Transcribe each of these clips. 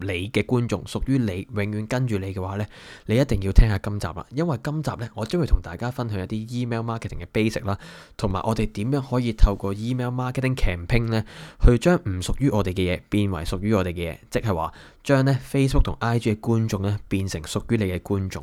你嘅觀眾屬於你，永遠跟住你嘅話呢，你一定要聽下今集啦，因為今集呢，我將會同大家分享一啲 email marketing 嘅 basic 啦，同埋我哋點樣可以透過 email marketing campaign 呢，去將唔屬於我哋嘅嘢變為屬於我哋嘅嘢，即係話將呢 Facebook 同 IG 嘅觀眾呢，變成屬於你嘅觀眾。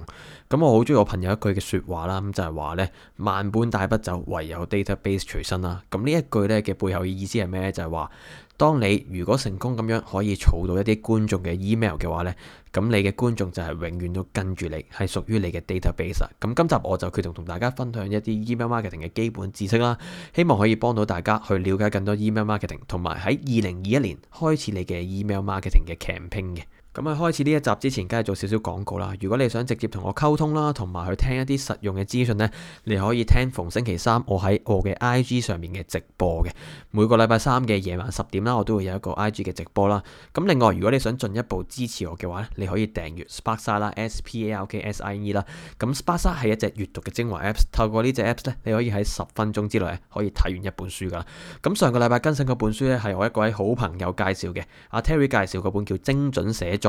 咁、嗯、我好中意我朋友一句嘅説話啦，咁、嗯、就係、是、話呢：「萬般帶不走，唯有 database 隨身啦、啊。咁、嗯、呢一句呢嘅背後意思係咩？就係、是、話。當你如果成功咁樣可以儲到一啲觀眾嘅 email 嘅話呢，咁你嘅觀眾就係永遠都跟住你，係屬於你嘅 database。咁今集我就決定同大家分享一啲 email marketing 嘅基本知識啦，希望可以幫到大家去了解更多 email marketing，同埋喺二零二一年開始你嘅 email marketing 嘅 campaign 嘅。咁喺開始呢一集之前，梗係做少少廣告啦。如果你想直接同我溝通啦，同埋去聽一啲實用嘅資訊呢，你可以聽逢星期三我喺我嘅 IG 上面嘅直播嘅。每個禮拜三嘅夜晚十點啦，我都會有一個 IG 嘅直播啦。咁另外，如果你想進一步支持我嘅話呢，你可以訂閱 Sparksine 啦 （S P A R K S I E） 啦。咁 Sparksine 係一隻閲讀嘅精華 Apps，透過呢隻 Apps 呢，你可以喺十分鐘之內可以睇完一本書㗎。咁上個禮拜更新嗰本書呢，係我一位好朋友介紹嘅，阿、啊、Terry 介紹嗰本叫《精準寫作》。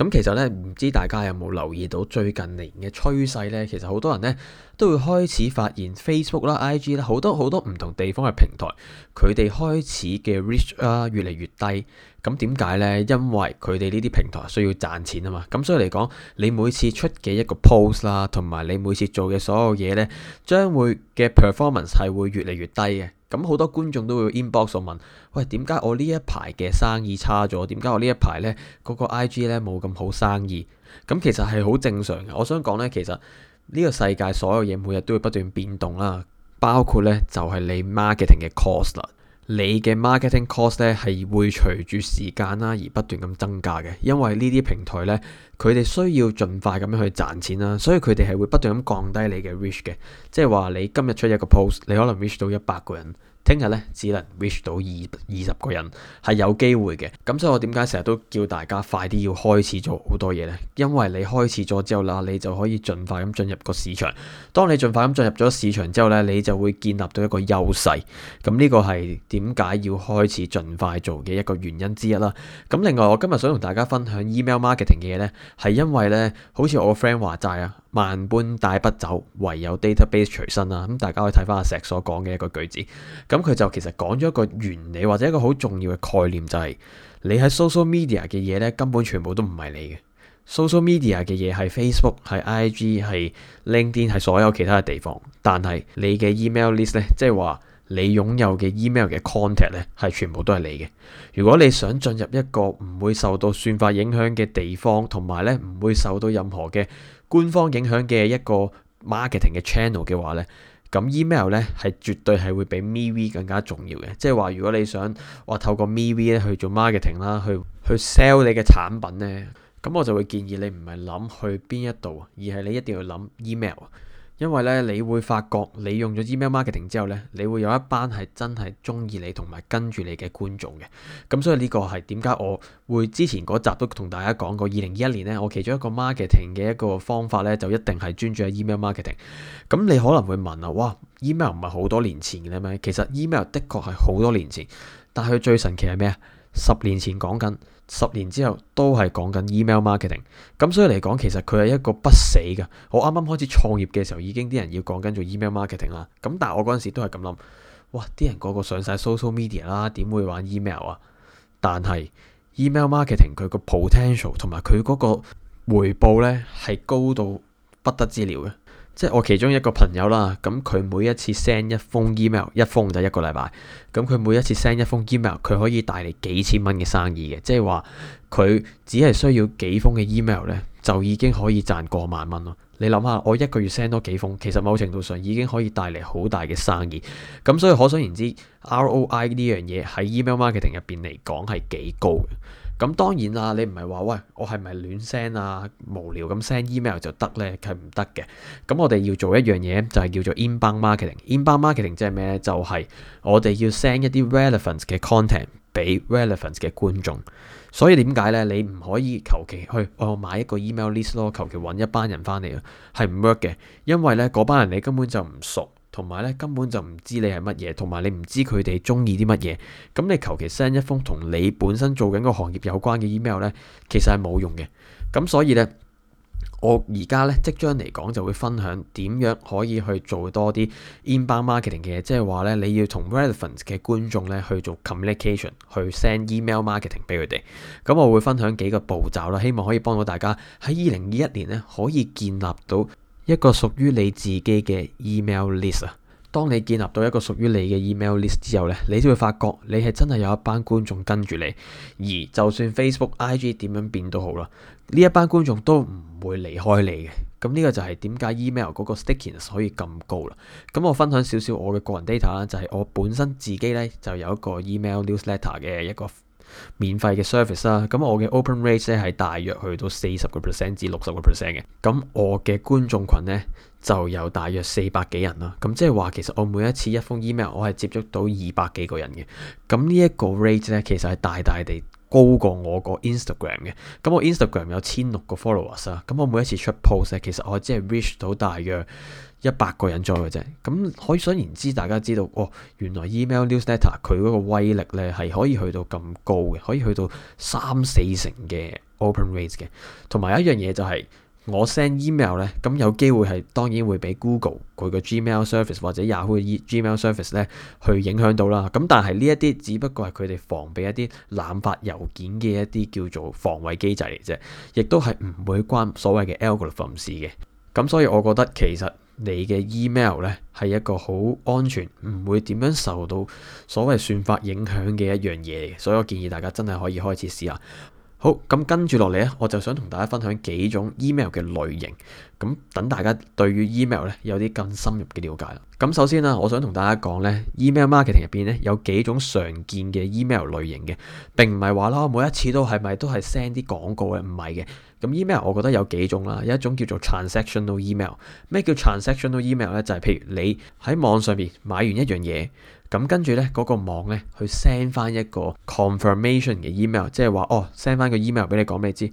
咁其實咧，唔知大家有冇留意到最近年嘅趨勢咧？其實好多人咧都會開始發現 Facebook 啦、IG 啦好多好多唔同地方嘅平台，佢哋開始嘅 reach 啦、啊、越嚟越低。咁點解咧？因為佢哋呢啲平台需要賺錢啊嘛。咁所以嚟講，你每次出嘅一個 post 啦，同埋你每次做嘅所有嘢咧，將會嘅 performance 係會越嚟越低嘅。咁好多觀眾都會 inbox 問：喂，點解我呢一排嘅生意差咗？點解我呢一排呢嗰個 IG 呢冇咁好生意？咁其實係好正常嘅。我想講呢，其實呢個世界所有嘢每日都會不斷變動啦，包括呢就係你 marketing 嘅 cost 啦。你嘅 marketing cost 咧，係會隨住時間啦而不斷咁增加嘅。因為呢啲平台咧，佢哋需要盡快咁樣去賺錢啦，所以佢哋係會不斷咁降低你嘅 reach 嘅，即係話你今日出一個 post，你可能 reach 到一百個人。聽日咧只能 reach 到二二十個人係有機會嘅，咁所以我點解成日都叫大家快啲要開始做好多嘢呢？因為你開始咗之後啦，你就可以盡快咁進入個市場。當你盡快咁進入咗市場之後咧，你就會建立到一個優勢。咁呢個係點解要開始盡快做嘅一個原因之一啦。咁另外，我今日想同大家分享 email marketing 嘅嘢呢，係因為呢，好似我個 friend 話齋啊。萬般帶不走，唯有 database 隨身啦。咁大家可以睇翻阿石所講嘅一個句子，咁佢就其實講咗一個原理或者一個好重要嘅概念，就係你喺 social media 嘅嘢咧，根本全部都唔係你嘅。social media 嘅嘢係 Facebook 係 IG 係 LinkedIn 係 Link 所有其他嘅地方，但係你嘅 email list 咧，即係話你擁有嘅 email 嘅 content 咧，係全部都係你嘅。如果你想進入一個唔會受到算法影響嘅地方，同埋咧唔會受到任何嘅官方影響嘅一個 marketing 嘅 channel 嘅話呢，咁 email 呢係絕對係會比 MV 更加重要嘅。即係話如果你想話透過 MV 咧去做 marketing 啦，去去 sell 你嘅產品呢，咁我就會建議你唔係諗去邊一度，而係你一定要諗 email。因為咧，你會發覺你用咗 email marketing 之後咧，你會有一班係真係中意你同埋跟住你嘅觀眾嘅。咁所以呢個係點解我會之前嗰集都同大家講過，二零二一年咧，我其中一個 marketing 嘅一個方法咧，就一定係專注喺 email marketing。咁你可能會問啊，哇，email 唔係好多年前嘅咩？其實 email 的確係好多年前，但係佢最神奇係咩啊？十年前講緊，十年之後都係講緊 email marketing。咁所以嚟講，其實佢係一個不死嘅。我啱啱開始創業嘅時候，已經啲人要講緊做 email marketing 啦。咁但係我嗰陣時都係咁諗，哇！啲人個個上晒 social media 啦，點會玩 email 啊？但係 email marketing 佢個 potential 同埋佢個回報呢，係高到不得之了嘅。即係我其中一個朋友啦，咁佢每一次 send 一封 email，一封就一個禮拜，咁佢每一次 send 一封 email，佢可以帶嚟幾千蚊嘅生意嘅，即係話佢只係需要幾封嘅 email 呢，就已經可以賺過萬蚊咯。你諗下，我一個月 send 多幾封，其實某程度上已經可以帶嚟好大嘅生意，咁所以可想而知 ROI 呢樣嘢喺 email marketing 入邊嚟講係幾高嘅。咁當然啦，你唔係話喂，我係咪亂 send 啊，無聊咁 send email 就得呢？佢唔得嘅。咁我哋要做一樣嘢，就係、是、叫做 inbound marketing。inbound marketing 即係咩呢？就係、是、我哋要 send 一啲 relevance 嘅 content 俾 relevance 嘅觀眾。所以點解呢？你唔可以求其去我、哦、買一個 email list 咯，求其揾一班人翻嚟，係唔 work 嘅。因為呢嗰班人你根本就唔熟。同埋咧，根本就唔知你係乜嘢，同埋你唔知佢哋中意啲乜嘢，咁你求其 send 一封同你本身做緊個行業有關嘅 email 呢，其實係冇用嘅。咁所以呢，我而家呢，即將嚟講就會分享點樣可以去做多啲 inbound marketing 嘅嘢。即係話呢，你要同 relevant 嘅觀眾呢去做 communication，去 send email marketing 俾佢哋。咁我會分享幾個步驟啦，希望可以幫到大家喺二零二一年呢，可以建立到。一個屬於你自己嘅 email list 啊。當你建立到一個屬於你嘅 email list 之後咧，你就會發覺你係真係有一班觀眾跟住你，而就算 Facebook、IG 點樣變都好啦，呢一班觀眾都唔會離開你嘅。咁呢個就係點解 email 嗰個 stickiness 可以咁高啦。咁我分享少少我嘅個人 data 啦，就係我本身自己咧，就有一個 email newsletter 嘅一個免費嘅 service 啦，咁我嘅 open rate 咧係大約去到四十個 percent 至六十個 percent 嘅，咁我嘅觀眾群呢，就有大約四百幾人啦，咁即係話其實我每一次一封 email 我係接觸到二百幾個人嘅，咁呢一個 rate 呢，其實係大大地高過我，inst 我 inst 個 instagram 嘅，咁我 instagram 有千六個 followers 啊，咁我每一次出 post 咧其實我只係 reach 到大約。一百個人左右啫，咁可想而知。大家知道，哦，原來 email newsletter 佢嗰個威力咧係可以去到咁高嘅，可以去到三四成嘅 open rate 嘅。同埋一樣嘢就係、是、我 send email 咧，咁有機會係當然會俾 Google 佢個 gmail service 或者 Yahoo gmail service 咧去影響到啦。咁但係呢一啲只不過係佢哋防備一啲濫發郵件嘅一啲叫做防衞機制嚟啫，亦都係唔會關所謂嘅 algorithm 事嘅。咁所以我覺得其實。你嘅 email 呢，係一個好安全，唔會點樣受到所謂算法影響嘅一樣嘢，所以我建議大家真係可以開始試下。好，咁跟住落嚟呢，我就想同大家分享幾種 email 嘅類型。咁等大家對於 email 咧有啲更深入嘅了解啦。咁首先啊，我想同大家講呢 email marketing 入邊呢有幾種常見嘅 email 類型嘅，並唔係話啦，每一次都係咪都係 send 啲廣告嘅？唔係嘅。咁 email 我覺得有幾種啦，有一種叫做 transactional email。咩叫 transactional email 呢？就係譬如你喺網上面買完一樣嘢，咁跟住呢嗰個網咧去 send 翻一個 confirmation 嘅 email，即係話哦 send 翻個 email 俾你講咩知。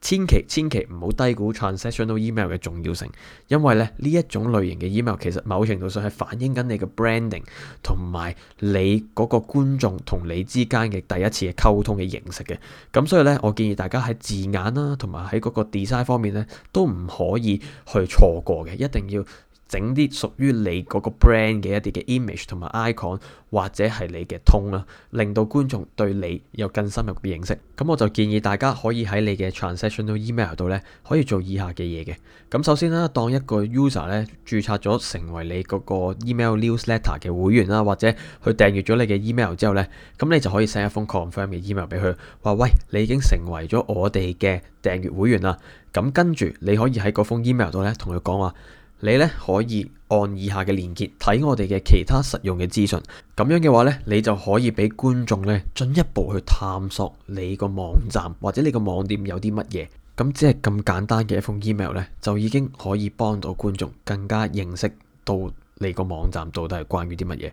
千祈千祈唔好低估 transactional email 嘅重要性，因為咧呢一種類型嘅 email 其實某程度上係反映緊你嘅 branding 同埋你嗰個觀眾同你之間嘅第一次嘅溝通嘅形式嘅，咁所以咧我建議大家喺字眼啦、啊，同埋喺嗰個 design 方面咧都唔可以去錯過嘅，一定要。整啲屬於你嗰個 brand 嘅一啲嘅 image 同埋 icon，或者係你嘅 tone 啦，令到觀眾對你有更深入嘅認識。咁我就建議大家可以喺你嘅 transactional email 度咧，可以做以下嘅嘢嘅。咁首先啦，當一個 user 咧註冊咗成為你嗰個 email newsletter 嘅會員啦，或者去訂閱咗你嘅 email 之後咧，咁你就可以 send 一封 confirm 嘅 email 俾佢，話，喂，你已經成為咗我哋嘅訂閱會員啦。咁跟住你可以喺嗰封 email 度咧，同佢講話。你咧可以按以下嘅連結睇我哋嘅其他實用嘅資訊，咁樣嘅話咧，你就可以俾觀眾咧進一步去探索你個網站，或者你個網店有啲乜嘢。咁只係咁簡單嘅一封 email 咧，就已經可以幫到觀眾更加認識到你個網站到底係關於啲乜嘢。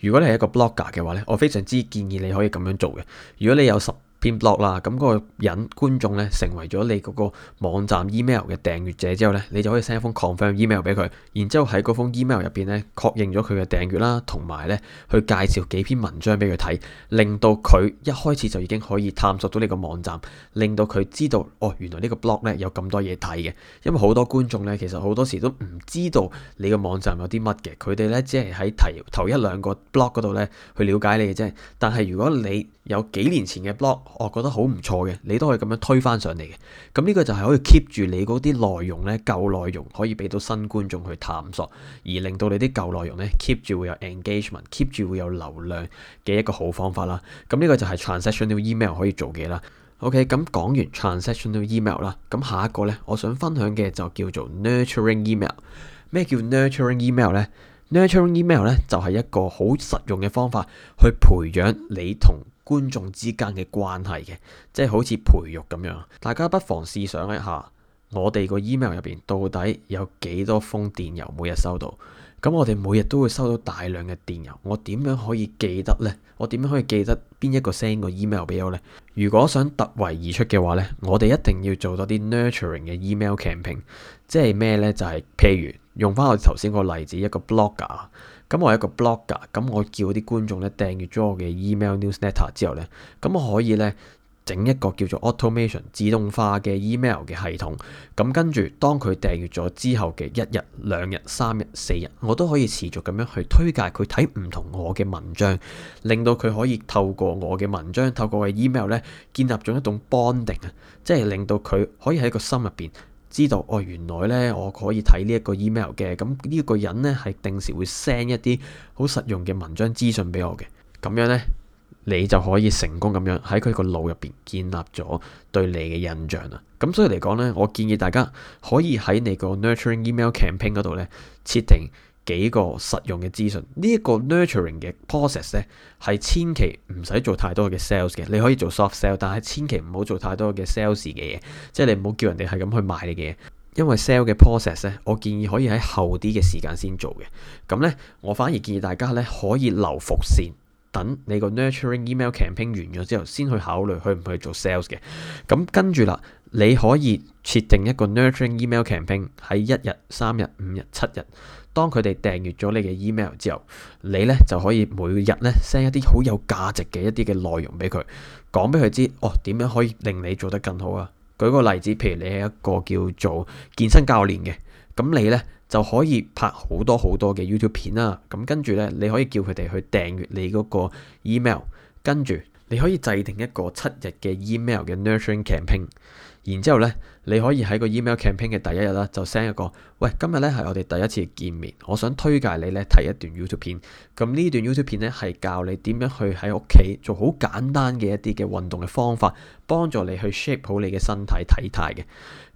如果你係一個 blogger 嘅話咧，我非常之建議你可以咁樣做嘅。如果你有十 blog 啦，咁嗰個人觀眾咧成為咗你嗰個網站 email 嘅訂閱者之後咧，你就可以 send 一封 confirm email 俾佢，然之後喺嗰封 email 入邊咧確認咗佢嘅訂閱啦，同埋咧去介紹幾篇文章俾佢睇，令到佢一開始就已經可以探索到你個網站，令到佢知道哦，原來呢個 blog 咧有咁多嘢睇嘅，因為好多觀眾咧其實好多時都唔知道你個網站有啲乜嘅，佢哋咧只係喺提頭一兩個 blog 度咧去了解你嘅啫，但係如果你有幾年前嘅 blog，我覺得好唔錯嘅，你都可以咁樣推返上嚟嘅。咁呢個就係可以 keep 住你嗰啲內容呢，舊內容可以俾到新觀眾去探索，而令到你啲舊內容呢 keep 住會有 engagement，keep 住會有流量嘅一個好方法啦。咁呢個就係 transactional email 可以做嘅啦。OK，咁講完 transactional email 啦，咁下一個呢，我想分享嘅就叫做 nurturing email。咩叫 nurturing email 呢？Nurturing email 咧就係、是、一個好實用嘅方法，去培養你同觀眾之間嘅關係嘅，即係好似培育咁樣。大家不妨試想一下，我哋個 email 入邊到底有幾多封電郵每日收到？咁我哋每日都會收到大量嘅電郵，我點樣可以記得呢？我點樣可以記得邊一個 send 個 email 俾我呢？如果想突圍而出嘅話呢，我哋一定要做多啲 nurturing 嘅 email campaign，即係咩呢？就係、是、譬如。用翻我頭先個例子，一個 blogger，咁、嗯、我係一個 blogger，咁、嗯、我叫啲觀眾咧訂閲咗我嘅 email newsletter 之後咧，咁、嗯、我可以咧整一個叫做 automation 自動化嘅 email 嘅系統，咁、嗯、跟住當佢訂閲咗之後嘅一日、兩日、三日、四日，我都可以持續咁樣去推介佢睇唔同我嘅文章，令到佢可以透過我嘅文章、透過我嘅 email 咧建立咗一種 bonding 啊，即係令到佢可以喺個心入邊。知道哦，原來呢，我可以睇呢一個 email 嘅，咁呢一個人呢，係定時會 send 一啲好實用嘅文章資訊俾我嘅，咁樣呢，你就可以成功咁樣喺佢個腦入邊建立咗對你嘅印象啦。咁所以嚟講呢，我建議大家可以喺你個 nurturing email campaign 嗰度呢，設定，試試幾個實用嘅資訊，呢一個 nurturing 嘅 process 咧，係千祈唔使做太多嘅 sales 嘅，你可以做 soft sell，但係千祈唔好做太多嘅 sales 嘅嘢，即係你唔好叫人哋係咁去賣你嘅嘢，因為 sell 嘅 process 咧，我建議可以喺後啲嘅時間先做嘅，咁咧我反而建議大家咧可以留伏線。等你個 nurturing email campaign 完咗之後，先去考慮去唔去做 sales 嘅。咁跟住啦，你可以設定一個 nurturing email campaign 喺一日、三日、五日、七日。當佢哋訂閱咗你嘅 email 之後，你咧就可以每日咧 send 一啲好有價值嘅一啲嘅內容俾佢，講俾佢知，哦，點樣可以令你做得更好啊！舉個例子，譬如你係一個叫做健身教練嘅，咁你咧。就可以拍好多好多嘅 YouTube 片啦，咁跟住呢，你可以叫佢哋去訂閲你嗰個 email，跟住你可以制定一個七日嘅 email 嘅 nurturing campaign，然之後呢，你可以喺個 email campaign 嘅第一日呢，就 send 一個，喂，今日呢係我哋第一次見面，我想推介你呢睇一段 YouTube 片，咁呢段 YouTube 片呢，係教你點樣去喺屋企做好簡單嘅一啲嘅運動嘅方法，幫助你去 shape 好你嘅身體體態嘅。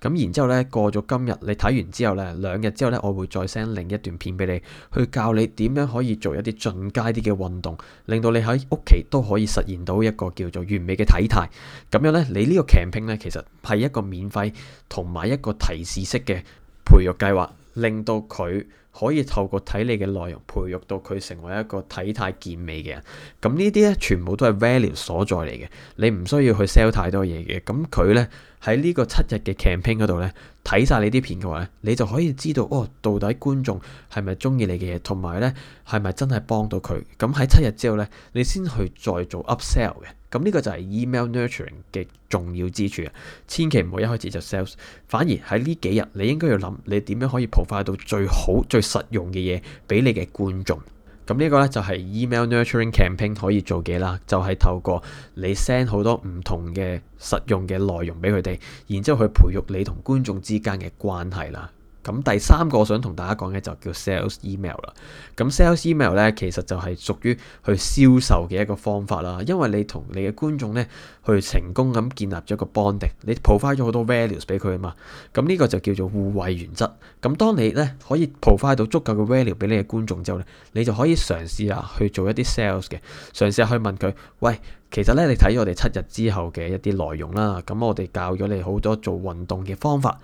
咁然之後咧，過咗今日，你睇完之後咧，兩日之後咧，我會再 send 另一段片俾你，去教你點樣可以做一啲進階啲嘅運動，令到你喺屋企都可以實現到一個叫做完美嘅體態。咁樣咧，你呢個 camping 咧，其實係一個免費同埋一個提示式嘅培育計劃，令到佢，可以透過睇你嘅內容，培育到佢成為一個體態健美嘅人。咁呢啲咧，全部都係 value 所在嚟嘅。你唔需要去 sell 太多嘢嘅。咁佢咧喺呢個七日嘅 campaign 嗰度咧，睇晒你啲片嘅話咧，你就可以知道哦，到底觀眾係咪中意你嘅嘢，同埋咧係咪真係幫到佢。咁喺七日之後咧，你先去再做 upsell 嘅。咁呢個就係 email nurturing 嘅重要之處啊！千祈唔好一開始就 sales，反而喺呢幾日，你應該要諗你點樣可以普化到最好最實用嘅嘢俾你嘅觀眾，咁呢個呢，就係 email nurturing campaign 可以做嘅啦，就係、是、透過你 send 好多唔同嘅實用嘅內容俾佢哋，然之後去培育你同觀眾之間嘅關係啦。咁第三個我想同大家講嘅就叫 sales email 啦。咁 sales email 咧其實就係屬於去銷售嘅一個方法啦。因為你同你嘅觀眾咧去成功咁建立咗一個 bonding，你 provide 咗好多 values 俾佢啊嘛。咁呢個就叫做互惠原則。咁當你咧可以 provide 到足夠嘅 value 俾你嘅觀眾之後咧，你就可以嘗試下去做一啲 sales 嘅。嘗試下去問佢：喂，其實咧你睇咗我哋七日之後嘅一啲內容啦。咁我哋教咗你好多做運動嘅方法。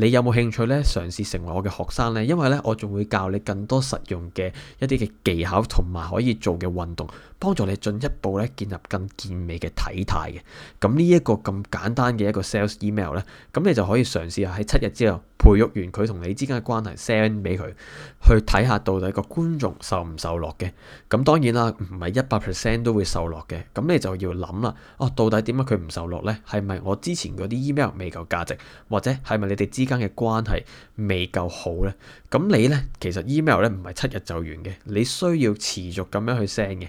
你有冇興趣呢？嘗試成為我嘅學生呢？因為呢，我仲會教你更多實用嘅一啲嘅技巧，同埋可以做嘅運動。幫助你進一步咧建立更健美嘅體態嘅。咁呢一個咁簡單嘅一個 sales email 咧，咁你就可以嘗試下喺七日之後培育完佢同你之間嘅關係 send 俾佢，去睇下到底個觀眾受唔受落嘅。咁當然啦，唔係一百 percent 都會受落嘅，咁你就要諗啦，哦、啊、到底點解佢唔受落呢？係咪我之前嗰啲 email 未夠價值，或者係咪你哋之間嘅關係未夠好呢？咁你呢，其實 email 呢唔係七日就完嘅，你需要持續咁樣去 send 嘅。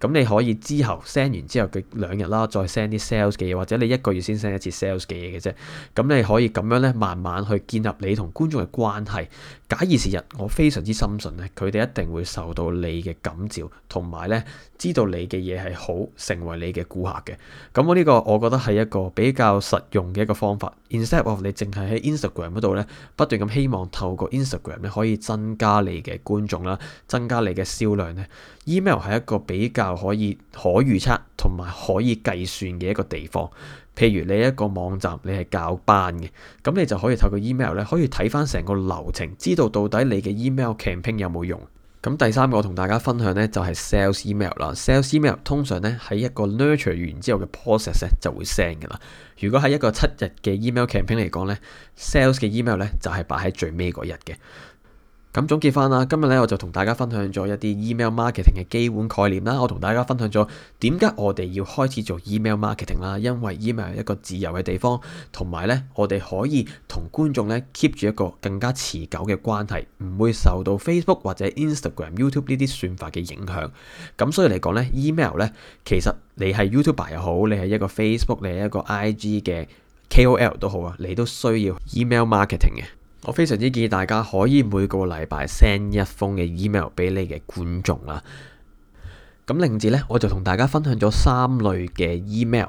咁你可以之後 send 完之後嘅兩日啦，再 send 啲 sales 嘅嘢，或者你一個月先 send 一次 sales 嘅嘢嘅啫。咁你可以咁樣咧，慢慢去建立你同觀眾嘅關係。假以時日，我非常之深信咧，佢哋一定會受到你嘅感召，同埋咧知道你嘅嘢係好，成為你嘅顧客嘅。咁我呢個我覺得係一個比較實用嘅一個方法。Instead of 你淨係喺 Instagram 嗰度咧，不斷咁希望透過 Instagram 咧可以增加你嘅觀眾啦，增加你嘅銷量咧。email 係一個比較可以可預測同埋可以計算嘅一個地方。譬如你一個網站，你係教班嘅，咁你就可以透過 email 咧，可以睇返成個流程，知道到底你嘅 email campaign 有冇用。咁第三個同大家分享咧，就係 sales email 啦。sales email 通常咧喺一個 nurture 完之後嘅 process 咧就會 send 嘅啦。如果喺一個七日嘅 email campaign 嚟講咧，sales 嘅 email 咧就係擺喺最尾嗰日嘅。咁總結翻啦，今日咧我就同大家分享咗一啲 email marketing 嘅基本概念啦。我同大家分享咗點解我哋要開始做 email marketing 啦，因為 email 係一個自由嘅地方，同埋咧我哋可以同觀眾咧 keep 住一個更加持久嘅關係，唔會受到 Facebook 或者 Instagram、YouTube 呢啲算法嘅影響。咁所以嚟講咧，email 咧其實你係 YouTuber 又好，你係一個 Facebook，你係一個 IG 嘅 KOL 都好啊，你都需要 email marketing 嘅。我非常之建議大家可以每個禮拜 send 一封嘅 email 俾你嘅觀眾啦。咁另外呢，我就同大家分享咗三類嘅 email。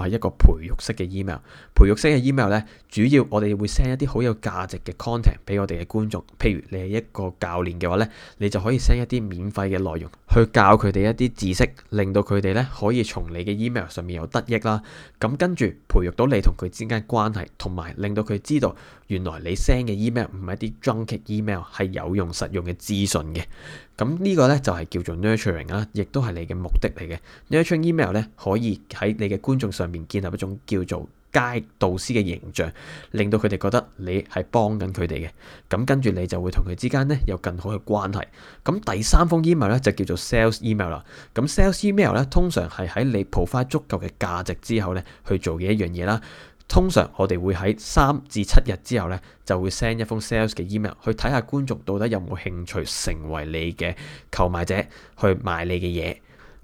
係一個培育式嘅 email，培育式嘅 email 呢，主要我哋會 send 一啲好有價值嘅 content 俾我哋嘅觀眾。譬如你係一個教練嘅話呢，你就可以 send 一啲免費嘅內容去教佢哋一啲知識，令到佢哋呢可以從你嘅 email 上面有得益啦。咁跟住培育到你同佢之間關係，同埋令到佢知道原來你 send 嘅 email 唔係一啲 junk email，係有用實用嘅資訊嘅。咁呢個咧就係叫做 nurturing 啦，亦都係你嘅目的嚟嘅。nurturing email 咧可以喺你嘅觀眾上面建立一種叫做街導師嘅形象，令到佢哋覺得你係幫緊佢哋嘅。咁跟住你就會同佢之間咧有更好嘅關係。咁第三封 email 咧就叫做 sales email 啦。咁 sales email 咧通常係喺你 provide 足夠嘅價值之後咧去做嘅一樣嘢啦。通常我哋會喺三至七日之後呢，就會 send 一封 sales 嘅 email 去睇下觀眾到底有冇興趣成為你嘅購買者去買你嘅嘢。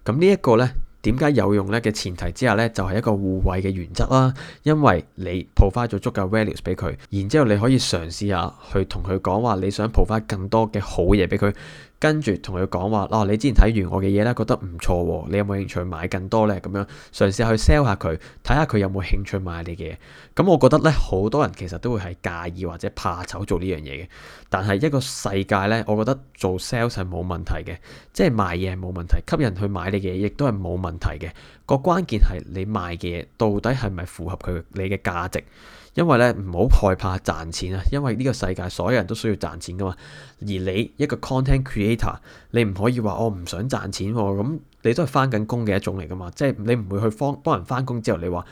咁呢一個呢，點解有用呢？嘅前提之下呢，就係、是、一個互惠嘅原則啦。因為你鋪翻咗足夠 values 俾佢，然之後你可以嘗試下去同佢講話，你想鋪翻更多嘅好嘢俾佢。跟住同佢講話，嗱、哦、你之前睇完我嘅嘢咧，覺得唔錯喎，你有冇興趣買更多呢？咁樣嘗試去 sell 下佢，睇下佢有冇興趣買你嘅嘢。咁、嗯、我覺得呢，好多人其實都會係介意或者怕醜做呢樣嘢嘅。但係一個世界呢，我覺得做 sales 係冇問題嘅，即係賣嘢係冇問題，吸引佢買你嘅嘢亦都係冇問題嘅。個關鍵係你賣嘅嘢到底係咪符合佢你嘅價值？因為咧唔好害怕賺錢啊，因為呢個世界所有人都需要賺錢噶嘛，而你一個 content creator，你唔可以話我唔想賺錢喎，咁你都係返緊工嘅一種嚟噶嘛，即係你唔會去幫幫人返工之後，你話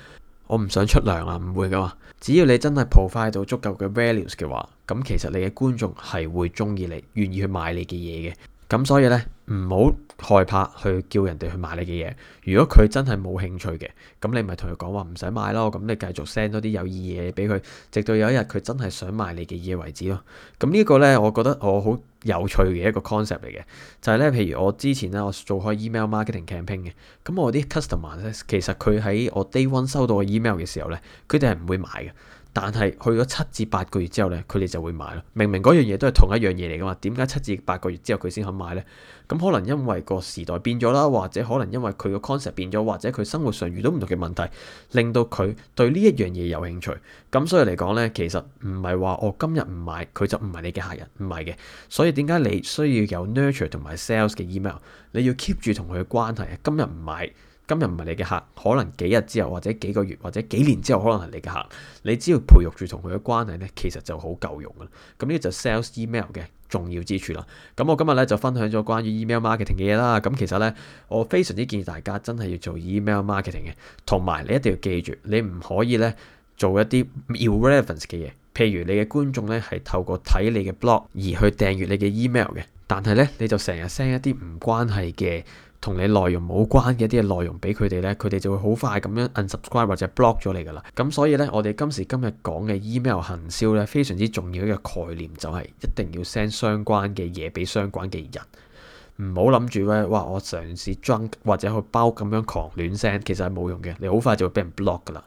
我唔想出糧啊，唔會噶嘛，只要你真係 provide 到足夠嘅 values 嘅話，咁其實你嘅觀眾係會中意你，願意去買你嘅嘢嘅。咁所以咧，唔好害怕去叫人哋去買你嘅嘢。如果佢真係冇興趣嘅，咁你咪同佢講話唔使買咯。咁你繼續 send 多啲有意義嘢俾佢，直到有一日佢真係想買你嘅嘢為止咯。咁呢一個咧，我覺得我好有趣嘅一個 concept 嚟嘅，就係咧，譬如我之前咧，我做開 email marketing campaign 嘅。咁我啲 customer 咧，其實佢喺我 day one 收到嘅 email 嘅時候咧，佢哋係唔會買嘅。但係去咗七至八個月之後咧，佢哋就會買咯。明明嗰樣嘢都係同一樣嘢嚟噶嘛，點解七至八個月之後佢先肯買呢？咁可能因為個時代變咗啦，或者可能因為佢個 concept 變咗，或者佢生活上遇到唔同嘅問題，令到佢對呢一樣嘢有興趣。咁所以嚟講呢，其實唔係話我今日唔買，佢就唔係你嘅客人，唔係嘅。所以點解你需要有 nurture 同埋 sales 嘅 email？你要 keep 住同佢嘅關係。今日唔買。今日唔係你嘅客，可能幾日之後或者幾個月或者幾年之後，可能係你嘅客。你只要培育住同佢嘅關係呢，其實就好夠用噶啦。咁、嗯、呢個就 sales email 嘅重要之處啦。咁、嗯、我今日呢，就分享咗關於 email marketing 嘅嘢啦。咁、嗯、其實呢，我非常之建議大家真係要做 email marketing 嘅。同埋，你一定要記住，你唔可以呢做一啲 irrelevant 嘅嘢。譬如你嘅觀眾呢，係透過睇你嘅 blog 而去訂閱你嘅 email 嘅，但係呢，你就成日 send 一啲唔關係嘅。同你內容冇關嘅一啲嘅內容俾佢哋呢，佢哋就會好快咁樣 unsubscribe 或者 block 咗你噶啦。咁所以呢，我哋今時今日講嘅 email 行銷呢，非常之重要嘅概念就係一定要 send 相關嘅嘢俾相關嘅人，唔好諗住呢，哇，我嘗試裝或者去包咁樣狂亂 send，其實係冇用嘅，你好快就會俾人 block 噶啦。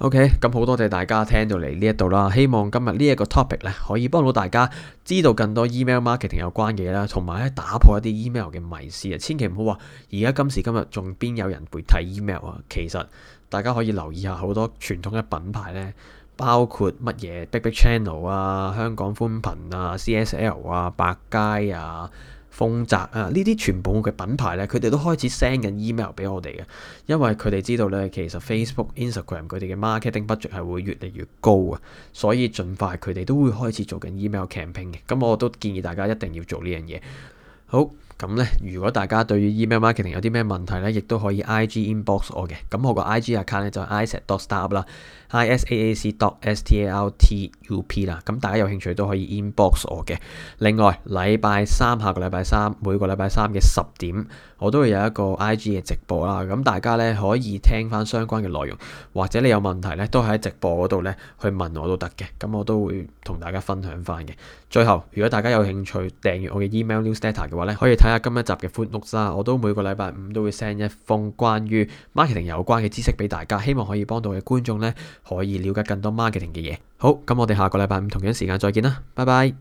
OK，咁好多謝大家聽到嚟呢一度啦，希望今日呢一個 topic 咧可以幫到大家知道更多 email marketing 有關嘅嘢啦，同埋咧打破一啲 email 嘅迷思啊！千祈唔好話而家今時今日仲邊有人會睇 email 啊！其實大家可以留意下好多傳統嘅品牌呢，包括乜嘢 Big Big Channel 啊、香港寬頻啊、CSL 啊、百佳啊、豐澤啊！呢啲全部嘅品牌咧，佢哋都開始 send 緊 email 俾我哋嘅，因為佢哋知道咧，其實 Facebook、Instagram 佢哋嘅 marketing budget 係會越嚟越高啊，所以儘快佢哋都會開始做緊 email campaign 嘅。咁我都建議大家一定要做呢樣嘢。好。咁咧，如果大家對於 email marketing 有啲咩問題咧，亦都可以 IG inbox 我嘅。咁我個 IG account 咧就 isac.startup 啦 isaac.startup 啦。咁大家有興趣都可以 inbox 我嘅。另外，禮拜三下個禮拜三每個禮拜三嘅十點，我都會有一個 IG 嘅直播啦。咁大家咧可以聽翻相關嘅內容，或者你有問題咧都喺直播嗰度咧去問我都得嘅。咁我都會同大家分享翻嘅。最後，如果大家有興趣訂閱我嘅 email newsletter 嘅話咧，可以睇。今一集嘅 Footnote 我都每個禮拜五都會 send 一封關於 marketing 有關嘅知識俾大家，希望可以幫到嘅觀眾呢，可以了解更多 marketing 嘅嘢。好，咁我哋下個禮拜五同樣時間再見啦，拜拜。